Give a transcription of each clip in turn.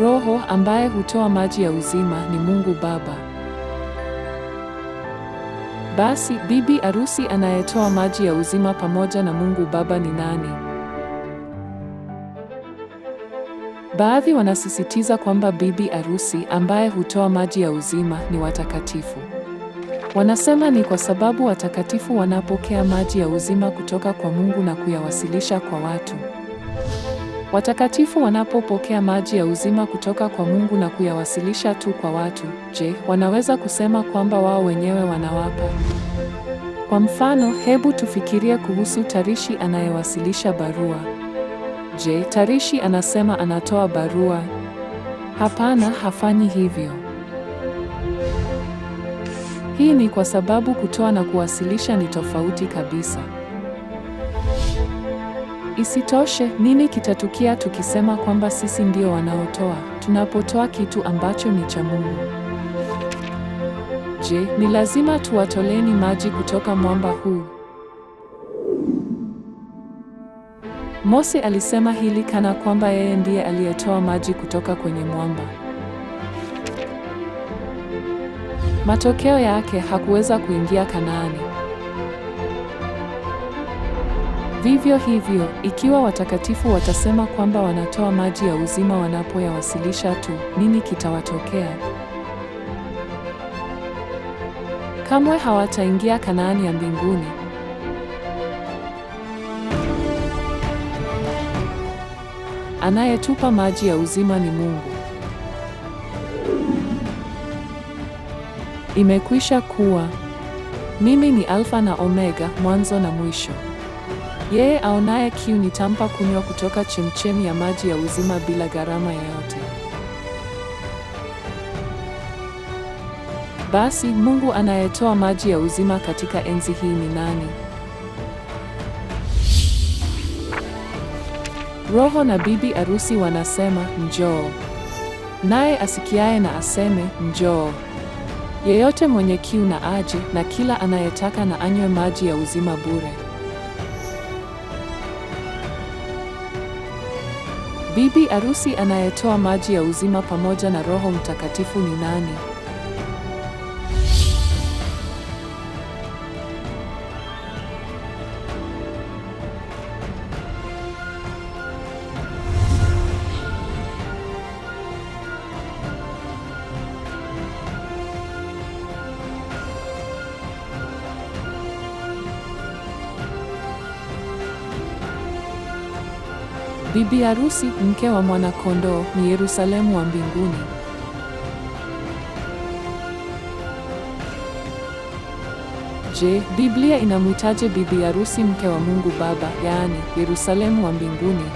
Roho ambaye hutoa maji ya uzima ni Mungu Baba. Basi bibi arusi anayetoa maji ya uzima pamoja na Mungu Baba ni nani? Baadhi wanasisitiza kwamba bibi arusi ambaye hutoa maji ya uzima ni watakatifu. Wanasema ni kwa sababu watakatifu wanapokea maji ya uzima kutoka kwa Mungu na kuyawasilisha kwa watu. Watakatifu wanapopokea maji ya uzima kutoka kwa Mungu na kuyawasilisha tu kwa watu, je, wanaweza kusema kwamba wao wenyewe wanawapa? Kwa mfano, hebu tufikirie kuhusu tarishi anayewasilisha barua. Je, tarishi anasema anatoa barua? Hapana, hafanyi hivyo. Hii ni kwa sababu kutoa na kuwasilisha ni tofauti kabisa. Isitoshe, nini kitatukia tukisema kwamba sisi ndio wanaotoa, tunapotoa kitu ambacho ni cha Mungu? Je, ni lazima tuwatoleni maji kutoka mwamba huu? Mose alisema hili kana kwamba yeye ndiye aliyetoa maji kutoka kwenye mwamba. Matokeo yake hakuweza kuingia Kanaani. Vivyo hivyo, ikiwa watakatifu watasema kwamba wanatoa maji ya uzima wanapoyawasilisha tu, nini kitawatokea? Kamwe hawataingia Kanaani ya mbinguni. Anayetupa maji ya uzima ni Mungu. Imekwisha kuwa. Mimi ni Alfa na Omega, mwanzo na mwisho. Yeye aonaye kiu nitampa kunywa kutoka chemchemi ya maji ya uzima bila gharama yoyote. Basi Mungu anayetoa maji ya uzima katika enzi hii ni nani? Roho na bibi arusi wanasema njoo, naye asikiaye na aseme njoo. Yeyote mwenye kiu na aje, na kila anayetaka na anywe maji ya uzima bure. Bibi arusi anayetoa maji ya uzima pamoja na Roho Mtakatifu ni nani? Bibi harusi, mke wa mwanakondoo, ni Yerusalemu wa mbinguni. Je, Biblia inamwitaje bibi harusi mke wa Mungu Baba, yaani Yerusalemu wa mbinguni?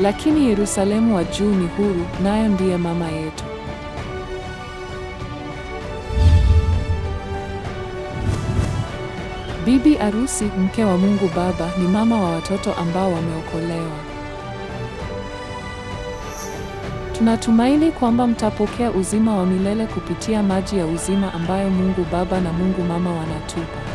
Lakini Yerusalemu wa juu ni huru, nayo ndiye mama yetu. Bibi arusi, mke wa Mungu Baba, ni mama wa watoto ambao wameokolewa. Tunatumaini kwamba mtapokea uzima wa milele kupitia maji ya uzima ambayo Mungu Baba na Mungu Mama wanatupa.